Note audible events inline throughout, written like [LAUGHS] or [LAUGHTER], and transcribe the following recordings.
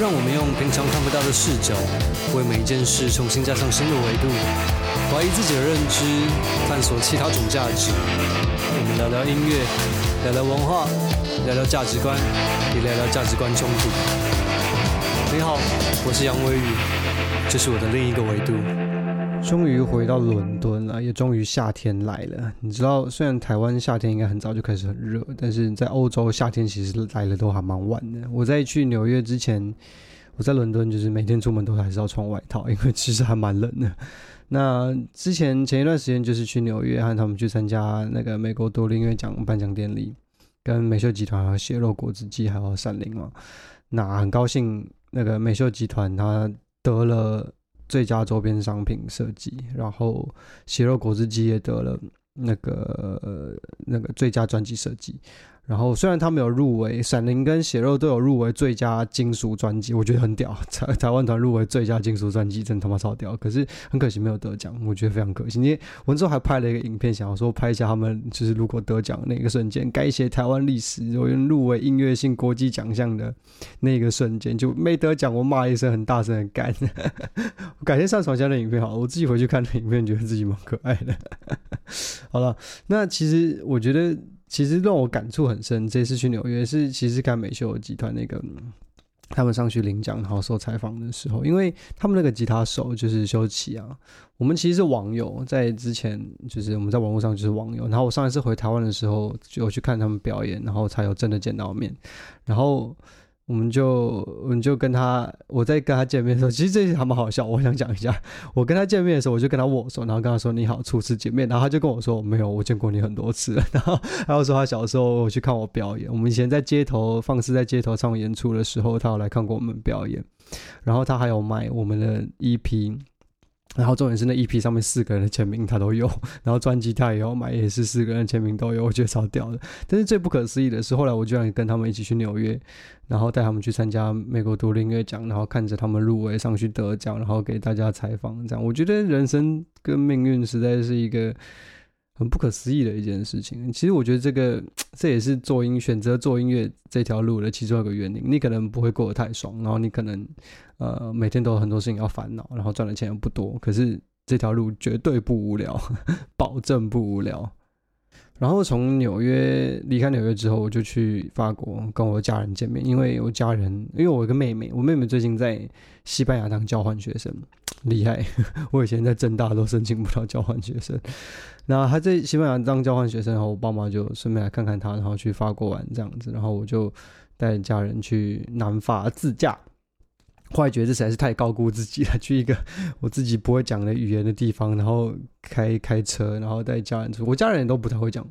讓我們用平常看不到的視角，為每一件事重新加上新的維度，懷疑自己的認知，探索其他種價值。我們聊聊音樂，聊聊文化，聊聊價值觀，也聊聊價值觀衝突。你好，我是楊威宇，這是我的另一個維度。終於回到倫敦了，也終於夏天來了。你知道，雖然台灣夏天應該很早就開始很熱，但是在歐洲夏天其實來了都還蠻晚的。我在去紐約之前，我在倫敦就是每天出門都還是要穿外套，因為其實還蠻冷的。那之前前一段時間就是去紐約，和他們去參加那個美國獨立音樂獎頒獎典禮，跟美秀集團和血肉果汁機還有閃靈嘛。那很高興，那個美秀集團它得了，最佳周邊商品設計，然後血肉果汁機也得了那個、嗯呃、那個最佳專輯設計。然後雖然他們有入圍，《閃靈》跟《血肉》都有入圍最佳金屬專輯，我覺得很屌，台灣團入圍最佳金屬專輯真他媽超屌。可是很可惜沒有得獎，我覺得非常可惜。因為文州還拍了一個影片，想要說拍一下他們，就是如果得獎的那個瞬間，改寫台灣歷史，我入圍音樂性國際獎項的那個瞬間，就沒得獎，我罵一聲很大聲的幹。感 [LAUGHS] 改天上傳下的影片，好，我自己回去看那影片，覺得自己蠻可愛的。 [LAUGHS] 好了，那其實我覺得。其實讓我感觸很深。這次去紐約是，其實看美秀集團那個，他們上去領獎，然後受採訪的時候，因為他們那個吉他手就是修齊啊。我們其實是網友，在之前就是我們在網絡上就是網友。然後我上一次回台灣的時候，就有去看他們表演，然後才有真的見到面。然後。我們就我們就跟他，我在跟他見面的時候，其實這些還蠻好笑。我想講一下，我跟他見面的時候，我就跟他握手，然後跟他說：“你好，初次見面。”然後他就跟我說：“沒有，我見過你很多次。”然後他又說他小時候去看我表演，我們以前在街頭放肆在街頭唱演出的時候，他有來看過我們表演。然後他還有買我們的 EP。然後重點是，那 EP 上面四個人的簽名他都有，然後專輯他也要買，也是四個人的簽名都有，我覺得超屌的。但是最不可思議的是，後來我居然跟他們一起去紐約，然後帶他們去參加美國獨立音樂獎，然後看着他們入圍上去得獎，然後給大家採訪，這樣我覺得人生跟命運實在是一個。很不可思議的一件事情。其實我覺得這個，這也是做音選擇做音樂這條路的其中一個原因。你可能不會過得太爽，然後你可能呃每天都有很多事情要煩惱，然後賺的錢又不多。可是這條路絕對不無聊，保證不無聊。然後從紐約離開紐約之後，我就去法國跟我家人見面，因為我家人，因為我有個妹妹，我妹妹最近在西班牙當交換學生，厲害！我以前在政大都申請不到交換學生，那她在西班牙當交換學生，然後我爸媽就順便來看看她，然後去法國玩這樣子，然後我就帶家人去南法自駕。後來覺得這實在是太高估自己了。去一個我自己不會講的語言的地方，然後開開車，然後帶家人出，我家人也都不太會講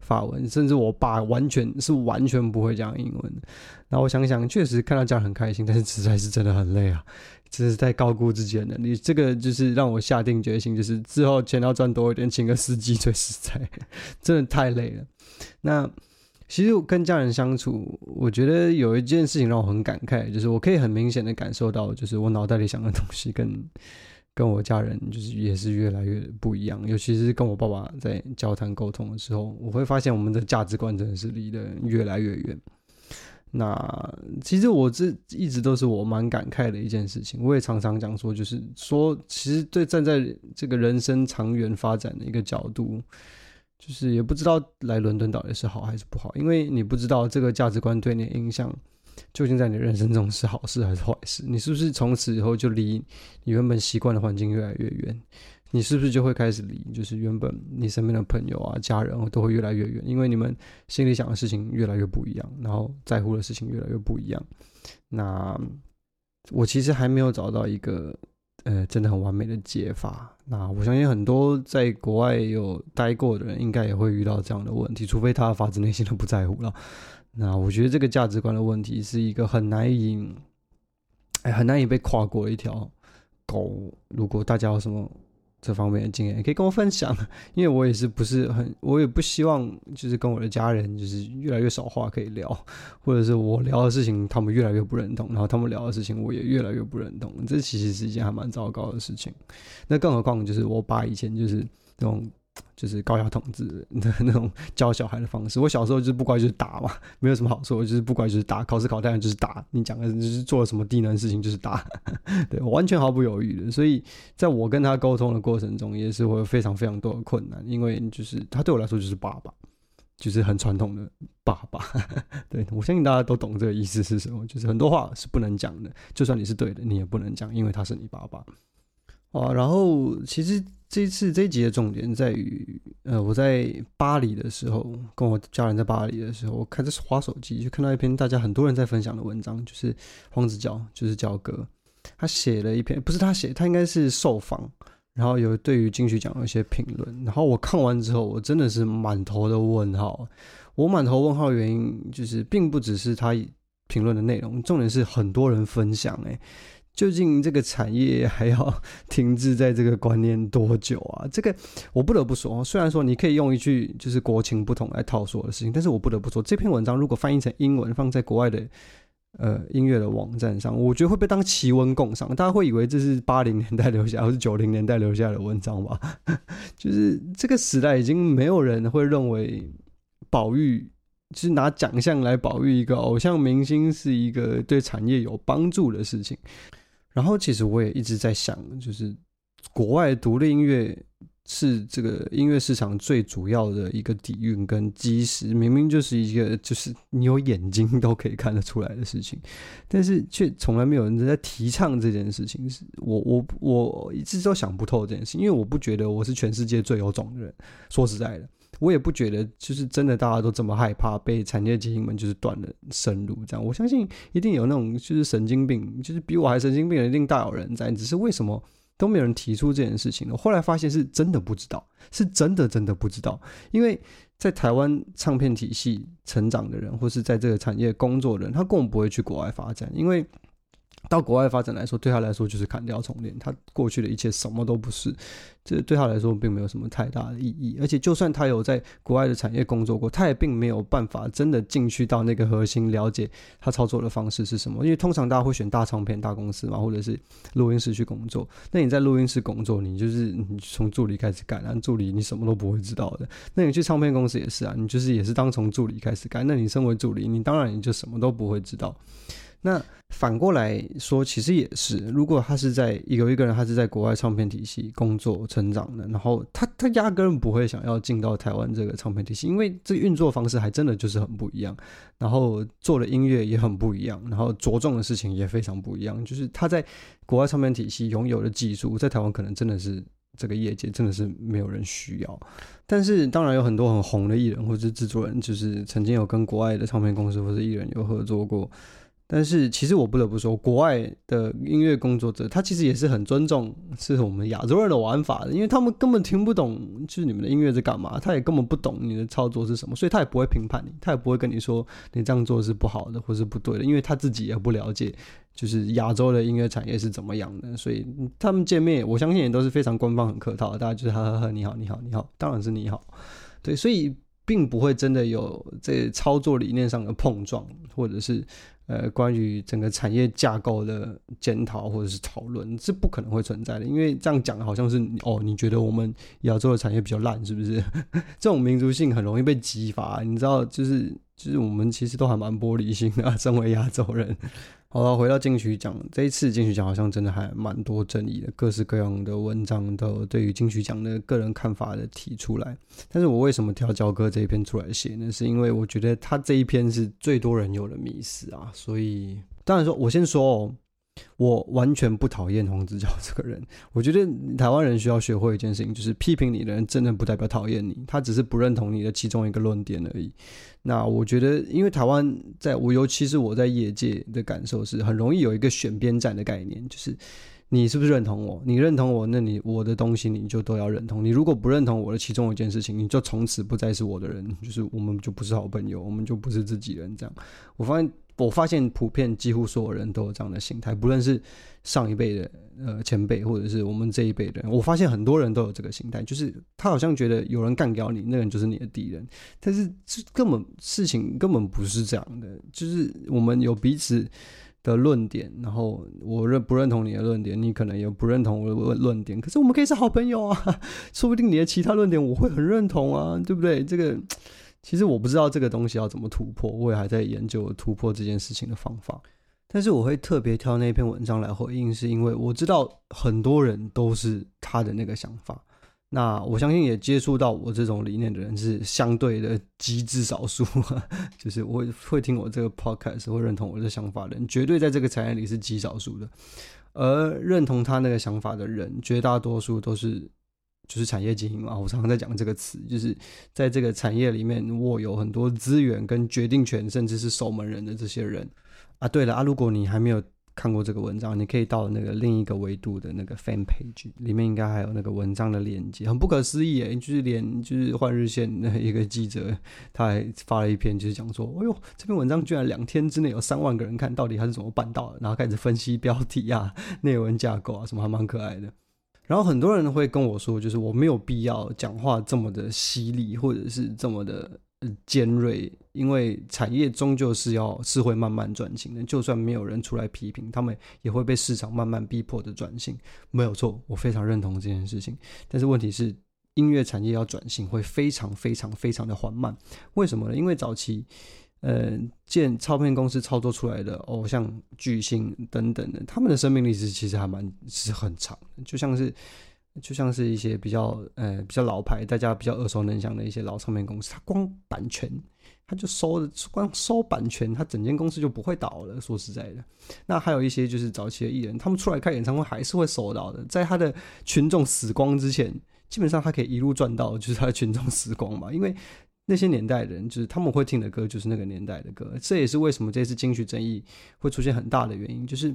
法文，甚至我爸完全是完全不會講英文的。然後我想想，確實看到家人很開心，但是實在是真的很累啊！這是太高估自己了。你這個就是讓我下定決心，就是之後錢要賺多一點，請個司機最實在，真的太累了。那。其實我跟家人相處，我覺得有一件事情讓我很感慨，就是我可以很明顯的感受到，就是我腦袋裡想的東西跟跟我家人就是也是越來越不一樣。尤其是跟我爸爸在交談溝通的時候，我會發現我們的價值觀真的是離得越來越遠。那其實我這一直都是我蠻感慨的一件事情，我也常常講說，就是說，其實對站在這個人生長遠發展的一個角度。就是也不知道來倫敦到底是好還是不好，因為你不知道這個價值觀對你的影響究竟在你的人生中是好事還是壞事。你是不是從此以後就離你原本習慣的環境越來越遠？你是不是就會開始離就是原本你身邊的朋友啊、家人都會越來越遠？因為你們心裡想的事情越來越不一樣，然後在乎的事情越來越不一樣。那我其實還沒有找到一個。呃，真的很完美的解法。那我相信很多在國外有待過的人，應該也會遇到這樣的問題，除非他發自內心的不在乎了。那我覺得這個價值觀的問題是一個很難以，哎，很難以被跨過的一條溝。如果大家有什麼這方面的經驗可以跟我分享，因為我也是不是很，我也不希望就是跟我的家人就是越來越少話可以聊，或者是我聊的事情他們越來越不認同，然後他們聊的事情我也越來越不認同，這其實是一件還蠻糟糕的事情。那更何況就是我爸以前就是這種。就是高壓統治的那種教小孩的方式。我小時候就是不乖就是打嘛，沒有什麼好說，就是不乖就是打，考試考爛就是打，你講的就是做了什麼低能事情就是打，對，我完全毫不猶豫的。所以在我跟他溝通的過程中，也是會有非常非常多的困難，因為就是他對我來說就是爸爸，就是很傳統的爸爸。對，我相信大家都懂這個意思是什麼，就是很多話是不能講的，就算你是對的，你也不能講，因為他是你爸爸。哦，然後其實。這一次這一集的重點在於，呃，我在巴黎的時候，跟我家人在巴黎的時候，我開始滑手機就看到一篇大家很多人在分享的文章，就是黃子佼，就是佼哥，他寫了一篇，不是他寫，他應該是受訪，然後有對於金曲獎的一些評論，然後我看完之後，我真的是滿頭的問號。我滿頭問號的原因就是，並不只是他評論的內容，重點是很多人分享哎、欸。究竟這個產業還要停滯在這個觀念多久啊？這個我不得不說，雖然說你可以用一句就是國情不同來套說的事情，但是我不得不說，這篇文章如果翻譯成英文放在國外的呃音樂的網站上，我覺得會被當奇文共賞，大家會以為這是八零年代留下還是九零年代留下的文章吧？就是這個時代已經沒有人會認為保育，就是拿獎項來保育一個偶像明星是一個對產業有幫助的事情。然後其實我也一直在想，就是國外獨立音樂是這個音樂市場最主要的一個底蘊跟基石，明明就是一個就是你有眼睛都可以看得出來的事情，但是卻從來沒有人在提倡這件事情。是我我我一直都想不透這件事，因為我不覺得我是全世界最有種的人，說實在的。我也不覺得，就是真的大家都這麼害怕被產業精英們就是斷了生路這樣。我相信一定有那種就是神經病，就是比我還神經病的一定大有人在。只是為什麼都沒有人提出這件事情呢？後來發現是真的不知道，是真的真的不知道，因為在台灣唱片體系成長的人，或是在這個產業工作的人，他根本不會去國外發展，因為。到國外發展來說，對他來說就是砍掉重練。他過去的一切什麼都不是，這對他來說並沒有什麼太大的意義。而且，就算他有在國外的產業工作過，他也並沒有辦法真的進去到那個核心，了解他操作的方式是什麼。因為通常大家會選大唱片、大公司嘛，或者是錄音室去工作。那你在錄音室工作，你就是你從助理開始幹啊，助理你什麼都不會知道的。那你去唱片公司也是啊，你就是也是當從助理開始幹。那你身為助理，你當然你就什麼都不會知道。那反過來說，其實也是，如果他是在有一個，一個人，他是在國外唱片體系工作成長的，然後他他壓根不會想要進到台灣這個唱片體系，因為這運作方式還真的就是很不一樣，然後做的音樂也很不一樣，然後着重的事情也非常不一樣，就是他在國外唱片體系擁有的技術，在台灣可能真的是這個業界真的是沒有人需要，但是當然有很多很紅的藝人或者制作人，就是曾經有跟國外的唱片公司或者藝人有合作過。但是其實我不得不說，國外的音樂工作者他其實也是很尊重是我們亞洲人的玩法的，因為他們根本聽不懂就是你們的音樂在幹嘛，他也根本不懂你的操作是什麼，所以他也不會評判你，他也不會跟你說你這樣做是不好的或是不對的，因為他自己也不了解就是亞洲的音樂產業是怎麼樣的，所以他們見面我相信也都是非常官方很客套的，大家就是哈呵呵，你好，你好，你好，當然是你好，對，所以並不會真的有這操作理念上的碰撞或者是。呃，關於整個產業架構的檢討或者是討論是不可能會存在的，因為這樣講好像是哦，你覺得我們亞洲的產業比較爛，是不是？ [LAUGHS] 這種民族性很容易被激發，你知道，就是。其實我們其實都還蠻玻璃心的、啊，身為亞洲人。好了、啊，回到金曲獎，這一次金曲獎好像真的還蠻多爭議的，各式各樣的文章都對於金曲獎的個人看法的提出來。但是我為什麼挑佼哥這一篇出來寫呢？是因為我覺得他這一篇是最多人有的迷思啊，所以當然說，我先說哦。我完全不討厭黃子佼這個人。我覺得台灣人需要學會一件事情，就是批評你的人，真的不代表討厭你，他只是不認同你的其中一個論點而已。那我覺得，因為台灣在，我尤其是我在業界的感受是，很容易有一個選邊站的概念，就是你是不是認同我？你認同我，那你我的東西你就都要認同。你如果不認同我的其中一件事情，你就從此不再是我的人，就是我們就不是好朋友，我們就不是自己人。這樣，我發現。我發現普遍幾乎所有人都有這樣的心態，不論是上一輩的呃前輩，或者是我們這一輩的人，我發現很多人都有這個心態，就是他好像覺得有人幹掉你，那個人就是你的敵人，但是這根本事情根本不是這樣的，就是我們有彼此的論點，然後我認不認同你的論點，你可能也不認同我的論論點，可是我們可以是好朋友啊，說不定你的其他論點我會很認同啊，對不對？這個。其實我不知道這個東西要怎麼突破，我也還在研究突破這件事情的方法。但是我會特別挑那篇文章來回應，是因為我知道很多人都是他的那個想法。那我相信也接觸到我這種理念的人是相對的極致少數，就是我會聽我這個 podcast 會認同我這想法的人，絕對在這個產業裡是極少數的。而認同他那個想法的人，絕大多數都是。就是產業精英嘛，我常常在講這個詞，就是在這個產業裡面握有很多資源跟決定權，甚至是守門人的這些人啊。對了啊，如果你還沒有看過這個文章，你可以到那個另一個維度的那個 fan page 裡面，應該還有那個文章的鏈接。很不可思議誒、欸，就是連就是換日線的一個記者，他還發了一篇，就是講說，哎呦，這篇文章居然兩天之內有三萬個人看，到底他是怎麼辦到的？然後開始分析標題啊、內文架構啊什麼，還蠻可愛的。然後很多人會跟我說，就是我沒有必要講話這麼的犀利，或者是這麼的尖銳，因為產業終究是要是會慢慢轉型的，就算沒有人出來批評，他們也會被市場慢慢逼迫的轉型。沒有錯，我非常認同這件事情。但是問題是，音樂產業要轉型會非常非常非常的緩慢。為什麼呢？因為早期。呃，建唱片公司操作出來的偶像巨星等等的，他們的生命力是其實還蠻是很長的。就像是，就像是一些比較呃比較老牌，大家比較耳熟能詳的一些老唱片公司，他光版權，他就收的，光收版權，他整間公司就不會倒了。說實在的，那還有一些就是早期的藝人，他們出來開演唱會還是會收到的，在他的群眾死光之前，基本上他可以一路賺到，就是他的群眾死光嘛，因為。那些年代的人就是他們會聽的歌，就是那個年代的歌。這也是為什麼這次金曲爭議會出現很大的原因。就是，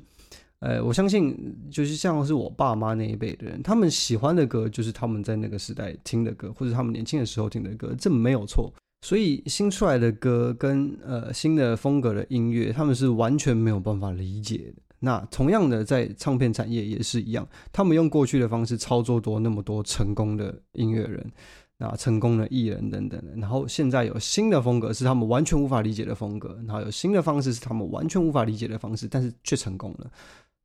呃，我相信就是像是我爸媽那一輩的人，他們喜歡的歌就是他們在那個時代聽的歌，或者他們年輕的時候聽的歌，這沒有錯。所以新出來的歌跟呃新的風格的音樂，他們是完全沒有辦法理解的。那同樣的，在唱片產業也是一樣，他們用過去的方式操作多那麼多成功的音樂人。啊，成功的藝人等等，然後現在有新的風格是他們完全無法理解的風格，然後有新的方式是他們完全無法理解的方式，但是卻成功了。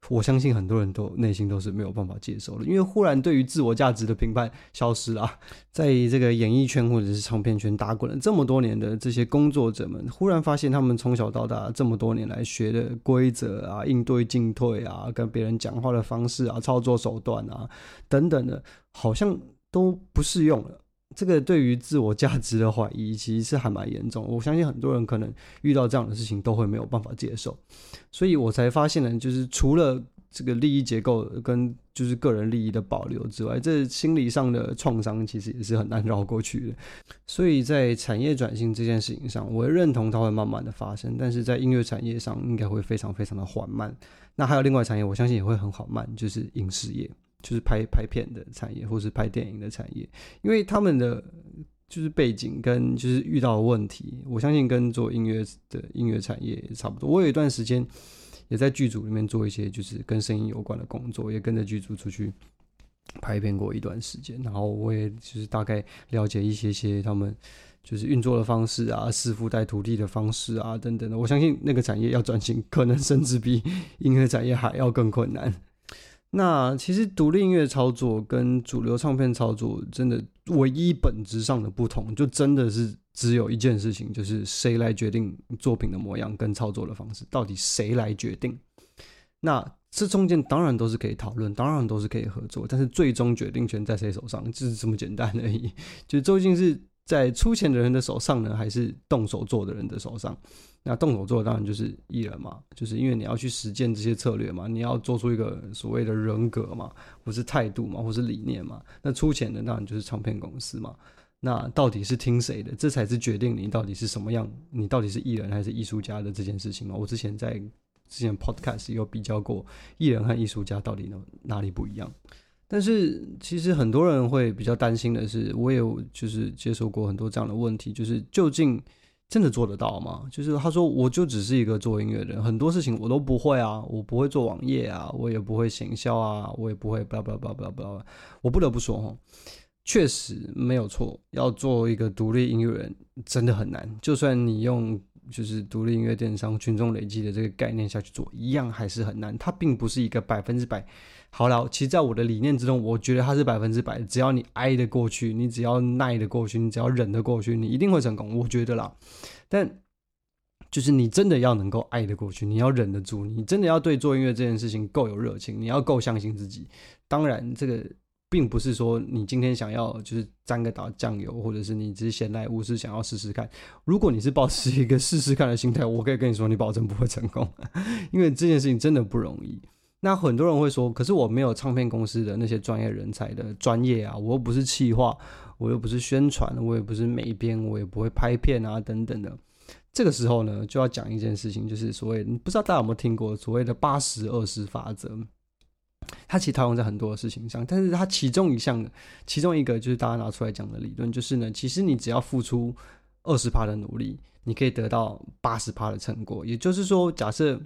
我相信很多人都內心都是沒有辦法接受的，因為忽然對於自我價值的評判消失了啊，在這個演藝圈或者是唱片圈打滾了這麼多年的這些工作者們，忽然發現他們從小到大這麼多年來學的規則啊、應對進退啊、跟別人講話的方式啊、操作手段啊等等的，好像都不適用了。這個對於自我價值的懷疑其實還蠻嚴重的，我相信很多人可能遇到這樣的事情都會沒有辦法接受，所以我才發現呢，就是除了這個利益結構跟就是個人利益的保留之外，這心理上的創傷其實也是很難繞過去的。所以在產業轉型這件事情上，我認同它會慢慢的發生，但是在音樂產業上應該會非常非常的緩慢。那還有另外一個產業，我相信也會很緩慢，就是影視業。就是拍拍片的產業，或是拍電影的產業，因為他們的就是背景跟就是遇到的問題，我相信跟做音樂的音樂產業差不多。我有一段時間也在劇組裡面做一些就是跟聲音有關的工作，也跟着劇組出去拍片過一段時間。然後我也就是大概了解一些些他們就是運作的方式啊，師傅帶徒弟的方式啊等等的。我相信那個產業要轉型，可能甚至比音樂產業還要更困難。那其實獨立音樂操作跟主流唱片操作，真的唯一本質上的不同，就真的是只有一件事情，就是誰來決定作品的模樣跟操作的方式，到底誰來決定？那這中間當然都是可以討論，當然都是可以合作，但是最終決定權在誰手上，就是這麼簡單而已。就究竟是。在出錢的人的手上呢，還是動手做的人的手上？那動手做當然就是藝人嘛，就是因為你要去實踐這些策略嘛，你要做出一個所謂的人格嘛，或是態度嘛，或是理念嘛。那出錢的當然就是唱片公司嘛。那到底是聽誰的？這才是決定你到底是什麼樣，你到底是藝人還是藝術家的這件事情嘛。我之前在之前 podcast 有比較過藝人和藝術家到底哪裡不一樣。但是其實很多人會比較擔心的是，我也有就是接受過很多這樣的問題，就是究竟真的做得到嗎？就是他說我就只是一個做音樂人，很多事情我都不會啊，我不會做網頁啊，我也不會行銷啊，我也不會 blah blah blah blah blah blah，我不得不說哈，確實沒有錯，要做一個獨立音樂人真的很難，就算你用就是獨立音樂電商群眾累積的這個概念下去做，一樣還是很難，它並不是一個百分之百。好了，其實，在我的理念之中，我覺得它是百分之百。只要你挨得過去，你只要耐得過去，你只要忍得過去，你一定會成功。我覺得啦，但就是你真的要能夠挨得過去，你要忍得住，你真的要對做音樂這件事情夠有熱情，你要夠相信自己。當然，這個並不是說你今天想要就是沾個打醬油，或者是你只是閒來無事想要試試看。如果你是保持一個試試看的心態，我可以跟你說，你保證不會成功，因為這件事情真的不容易。那很多人會說，可是我沒有唱片公司的那些專業人才的專業啊，我又不是企劃，我又不是宣傳，我也不是美編，我也不會拍片啊，等等的。這個時候呢，就要講一件事情，就是所謂你不知道大家有沒有聽過所謂的八十二十法則，它其實套用在很多事情上，但是它其中一項，其中一個就是大家拿出來講的理論，就是呢，其實你只要付出二十趴的努力，你可以得到八十趴的成果。也就是說，假設。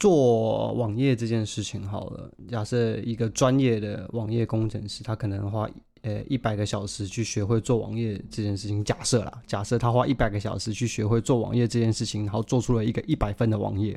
做網頁這件事情好了，假設一個專業的網頁工程師，他可能花。呃，一百個小時去學會做網頁這件事情，假設啦，假設他花一百個小時去學會做網頁這件事情，然後做出了一個一百分的網頁，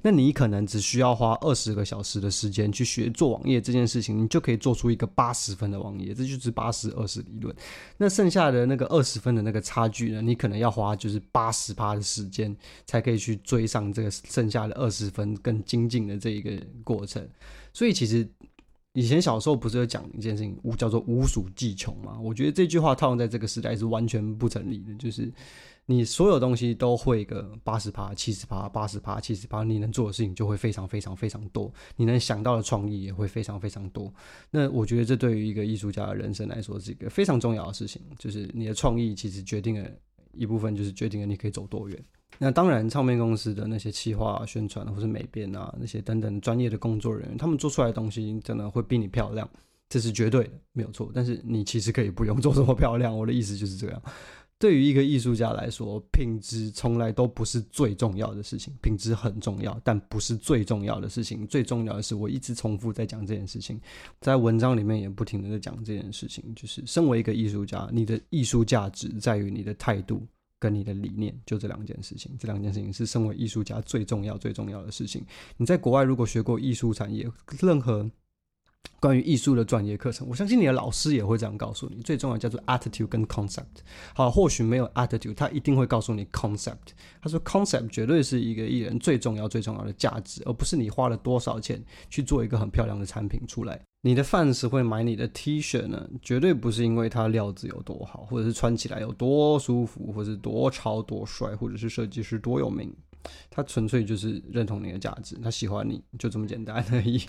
那你可能只需要花二十個小時的時間去學做網頁這件事情，你就可以做出一個八十分的網頁，這就是八十二十理論。那剩下的那個二十分的那個差距呢，你可能要花就是八十趴的時間，才可以去追上這個剩下的二十分更精進的這一個過程。所以其實。以前小時候不是有講一件事情，叫做“無所技窮”嗎？我覺得這句話套用在這個時代是完全不成立的。就是你所有東西都會個八十趴、七十趴、八十趴、七十趴，你能做的事情就會非常非常非常多，你能想到的創意也會非常非常多。那我覺得這對於一個藝術家的人生來說是一個非常重要的事情，就是你的創意其實決定了一部分，就是決定了你可以走多遠。那當然，唱片公司的那些企劃啊、宣傳啊、或是美編啊，那些等等專業的工作人員，他們做出來的東西真的會比你漂亮，這是絕對的，沒有錯。但是你其實可以不用做這麼漂亮，我的意思就是這樣。對於一個藝術家來說，品質從來都不是最重要的事情，品質很重要，但不是最重要的事情。最重要的，是我一直重複在講這件事情，在文章裡面也不停的在講這件事情。就是身為一個藝術家，你的藝術價值在於你的態度。跟你的理念，就這兩件事情，這兩件事情是身為藝術家最重要最重要的事情。你在國外如果學過藝術產業，任何。關於藝術的專業課程，我相信你的老師也會這樣告訴你。最重要叫做 attitude 跟 concept。好，或許沒有 attitude，他一定會告訴你 concept。他說 concept 絕對是一個藝人最重要最重要的價值，而不是你花了多少錢去做一個很漂亮的產品出來。你的 fans 會買你的 T-shirt 呢，絕對不是因為它料子有多好，或者是穿起來有多舒服，或者是多潮多帥，或者是設計師多有名。他純粹就是認同你的價值，他喜歡你就這麼簡單而已。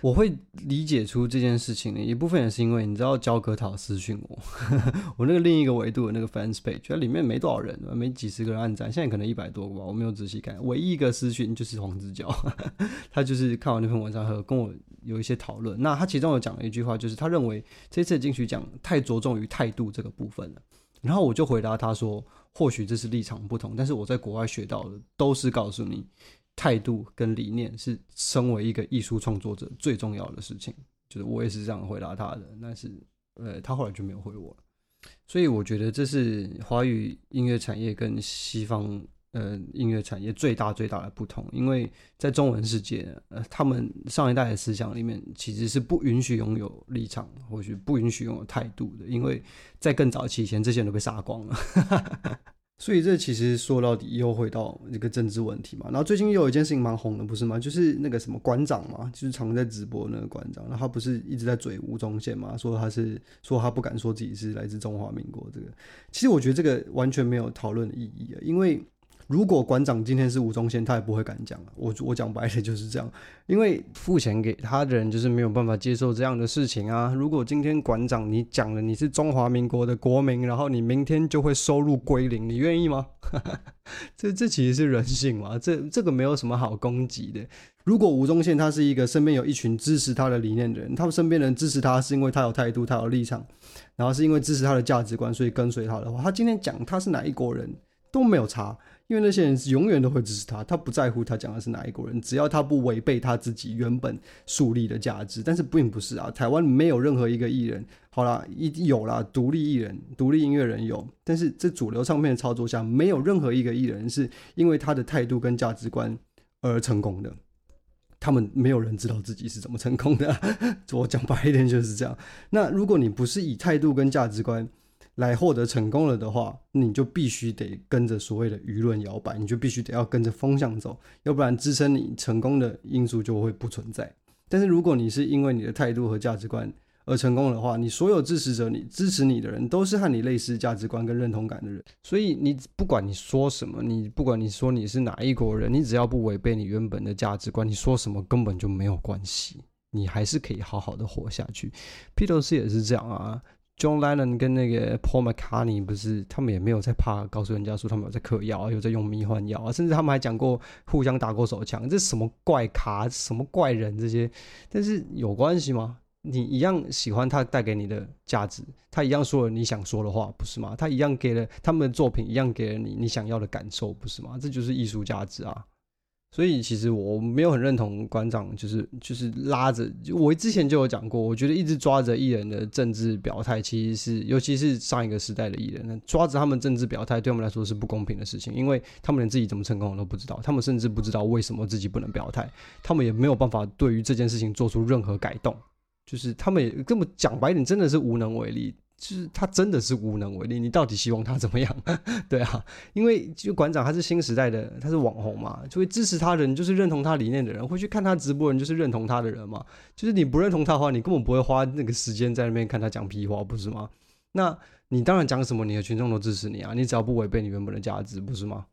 我會理解出這件事情的一部分也是因為你知道，焦哥他私訊我， [LAUGHS] 我那個另一個維度的那個 fans page，它裡面沒多少人，沒幾十個人按讚，現在可能一百多個吧，我沒有仔細看。唯一一個私訊就是黃子佼， [LAUGHS] 他就是看完那篇文章後跟我有一些討論。那他其中有講了一句話，就是他認為這次金曲獎太着重於態度這個部分了。然後我就回答他說。或許這是立場不同，但是我在國外學到的都是告訴你，態度跟理念是身為一個藝術創作者最重要的事情。就是我也是這樣回答他的，但是呃，他後來就沒有回我了。所以我覺得這是華語音樂產業跟西方。呃，音樂產業最大最大的不同，因為在中文世界，呃，他們上一代的思想裡面其實是不允許擁有立場，或許不允許擁有態度的，因為在更早期前，這些人都被殺光了。所以這其實說到底又回到一個政治問題嘛。然後最近又有一件事情蠻紅的，不是嗎？就是那個什麼館長嘛，就是常在直播那個館長，然後他不是一直在嘴吳宗憲嘛，說他是說他不敢說自己是來自中華民國。這個其實我覺得這個完全沒有討論的意義啊，因為。如果館長今天是吳宗憲，他也不會敢講。我我講白了就是這樣，因為付錢給他的人就是沒有辦法接受這樣的事情啊。如果今天館長你講了你是中華民國的國民，然後你明天就會收入歸零，你願意嗎？ [LAUGHS] 這這其實是人性嘛，這這個沒有什麼好攻擊的。如果吳宗憲他是一個身邊有一群支持他的理念的人，他身邊人支持他是因為他有態度，他有立場，然後是因為支持他的價值觀，所以跟隨他的話，他今天講他是哪一國人都沒有差。因為那些人是永遠都會支持他，他不在乎他講的是哪一國人，只要他不違背他自己原本樹立的價值。但是並不是啊，台灣沒有任何一個藝人，好啦，已有啦，獨立藝人、獨立音樂人有，但是這主流唱片的操作下，沒有任何一個藝人是因為他的態度跟價值觀而成功的。他們沒有人知道自己是怎麼成功的啊。我講白一點就是這樣。那如果你不是以態度跟價值觀，來獲得成功了的話，你就必須得跟着所謂的輿論搖擺，你就必須得要跟着風向走，要不然支撐你成功的因素就會不存在。但是如果你是因為你的態度和價值觀而成功的話，你所有支持者你，你支持你的人都是和你類似價值觀跟認同感的人，所以你不管你說什麼，你不管你說你是哪一國人，你只要不違背你原本的價值觀，你說什麼根本就沒有關係，你還是可以好好的活下去。披頭士也是這樣啊。John Lennon 跟那個 Paul McCartney 不是，他們也沒有在怕，告訴人家說他們有在嗑藥啊，有在用迷幻藥啊，甚至他們還講過互相打過手槍。這什麼怪咖，什麼怪人這些？但是有關係嗎？你一樣喜歡他帶給你的價值，他一樣說了你想說的話，不是嗎？他一樣給了他們的作品，一樣給了你你想要的感受，不是嗎？這就是藝術價值啊。所以其實我沒有很認同館長、就是，就是就是拉着我之前就有講過，我覺得一直抓着藝人的政治表態，其實是尤其是上一個時代的藝人，抓着他們政治表態，對他們來說是不公平的事情，因為他們連自己怎麼成功都不知道，他們甚至不知道為什麼自己不能表態，他們也沒有辦法對於這件事情做出任何改動，就是他們也根本講白點，真的是無能為力。就是他真的是無能為力，你到底希望他怎麼樣？ [LAUGHS] 對啊，因為就館長他是新時代的，他是網紅嘛，就會支持他人，就是認同他理念的人會去看他直播人，人就是認同他的人嘛。就是你不認同他的話，你根本不會花那個時間在那邊看他講屁話，不是嗎？那你當然講什麼，你的群眾都支持你啊，你只要不違背你原本的價值，不是嗎？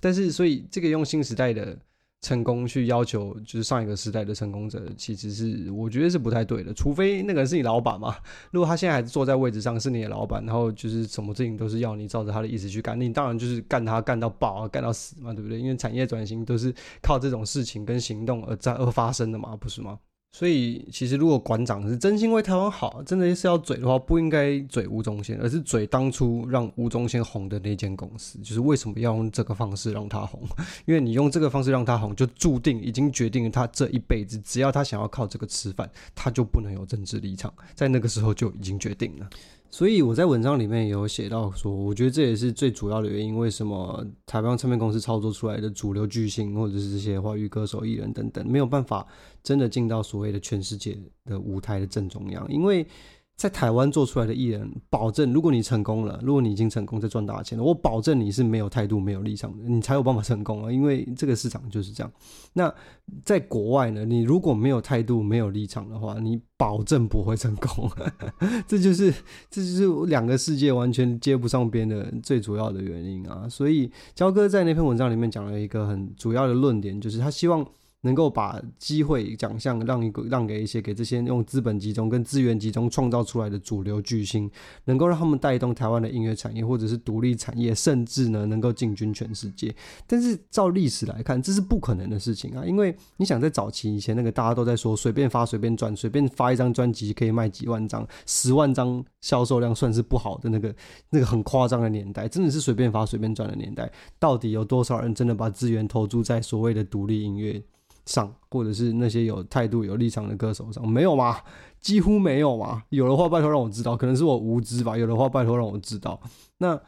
但是所以這個用新時代的。成功去要求就是上一個時代的成功者，其實是我覺得是不太對的。除非那個人是你老闆嘛，如果他現在還坐在位置上是你的老闆，然後就是什麼事情都是要你照着他的意思去幹，那你當然就是幹他幹到爆啊，幹到死嘛，對不對？因為產業轉型都是靠這種事情跟行動而在而發生的嘛，不是嗎？所以，其實如果館長是真心為台灣好，真的是要嘴的話，不應該嘴吳宗憲，而是嘴當初讓吳宗憲紅的那間公司，就是為什麼要用這個方式讓他紅？因為你用這個方式讓他紅，就注定已經決定了他這一輩子，只要他想要靠這個吃飯，他就不能有政治立場，在那個時候就已經決定了。所以我在文章裡面也有寫到說，我覺得這也是最主要的原因，為什麼台灣唱片公司操作出來的主流巨星，或者是這些華語歌手藝人等等，沒有辦法真的進到所謂的全世界的舞台的正中央，因為。在台灣做出來的藝人，保證如果你成功了，如果你已經成功在賺大錢了，我保證你是沒有態度、沒有立場的，你才有辦法成功啊！因為這個市場就是這樣。那在國外呢？你如果沒有態度、沒有立場的話，你保證不會成功。 [LAUGHS] 這就是這就是兩個世界完全接不上邊的最主要的原因啊！所以焦哥在那篇文章裡面講了一個很主要的論點，就是他希望。能夠把機會、獎項讓一個、讓給一些、給這些用資本集中跟資源集中創造出來的主流巨星，能夠讓他們帶動台灣的音樂產業，或者是獨立產業，甚至呢能夠進軍全世界。但是照歷史來看，這是不可能的事情啊，因為你想在早期以前那個大家都在說隨便發、隨便賺、隨便發一張專輯可以賣幾萬張、十萬張銷售量算是不好的那個、那個很誇張的年代，真的是隨便發、隨便賺的年代。到底有多少人真的把資源投注在所謂的獨立音樂？上，或者是那些有態度、有立場的歌手上，沒有吧？幾乎沒有吧？有的話，拜托讓我知道，可能是我無知吧。有的話，拜托讓我知道。那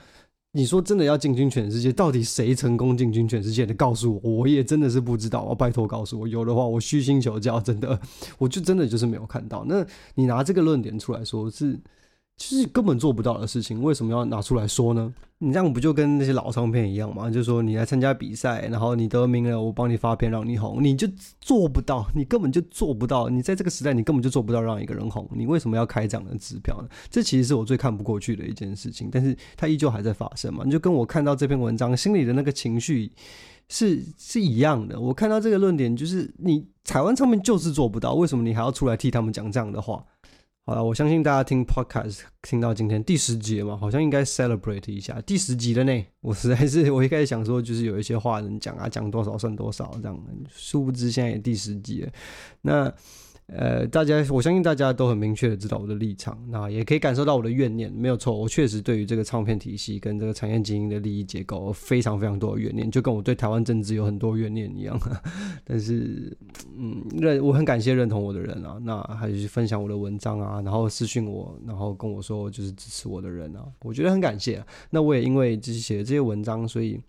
你說真的要進軍全世界，到底誰成功進軍全世界？你告訴我，我也真的是不知道。哦，拜托告訴我，有的話我虛心求教，真的，我就真的就是沒有看到。那你拿這個論點出來說是，其實根本做不到的事情，為什麼要拿出來說呢？你這樣不就跟那些老唱片一樣嗎？就說你來參加比賽，然後你得名了，我幫你發片讓你紅，你就做不到，你根本就做不到。你在這個時代，你根本就做不到讓一個人紅，你為什麼要開這樣的支票呢？這其實是我最看不過去的一件事情，但是它依舊還在發生嘛。你就跟我看到這篇文章心裡的那個情緒是是一樣的。我看到這個論點，就是你台灣唱片就是做不到，為什麼你還要出來替他們講這樣的話？好了，我相信大家聽 podcast 聽到今天第十集了嘛，好像應該 celebrate 一下第十集了呢。我實在是我一開始想說，就是有一些話能講啊，講多少算多少這樣的，殊不知現在也第十集了。那呃，大家，我相信大家都很明確的知道我的立場，那也可以感受到我的怨念。沒有錯，我確實對於這個唱片體系跟這個產業經營的利益結構，非常非常多的怨念，就跟我對台灣政治有很多怨念一樣。但是，嗯，認我很感謝認同我的人啊，那還是分享我的文章啊，然後私訊我，然後跟我說就是支持我的人啊，我覺得很感謝啊。那我也因為就是寫了這些文章，所以。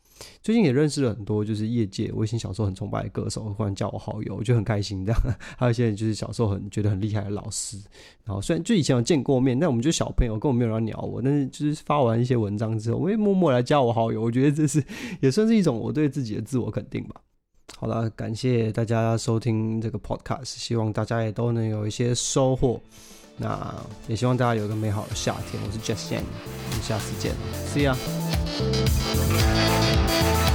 最近也認識了很多，就是業界我以前小時候很崇拜的歌手，忽然加我好友，我覺得很開心這樣。還有一些就是小時候很覺得很厲害的老師，然後雖然就以前有見過面，但我們就小朋友，根本沒有人鳥我。但是就是發完一些文章之後，我會默默來加我好友，我覺得這是也算是一種我對自己的自我肯定吧。好了，感謝大家收聽這個 podcast，希望大家也都能有一些收穫。那也希望大家有一個美好的夏天。我是 Jesse，我們下次見，See ya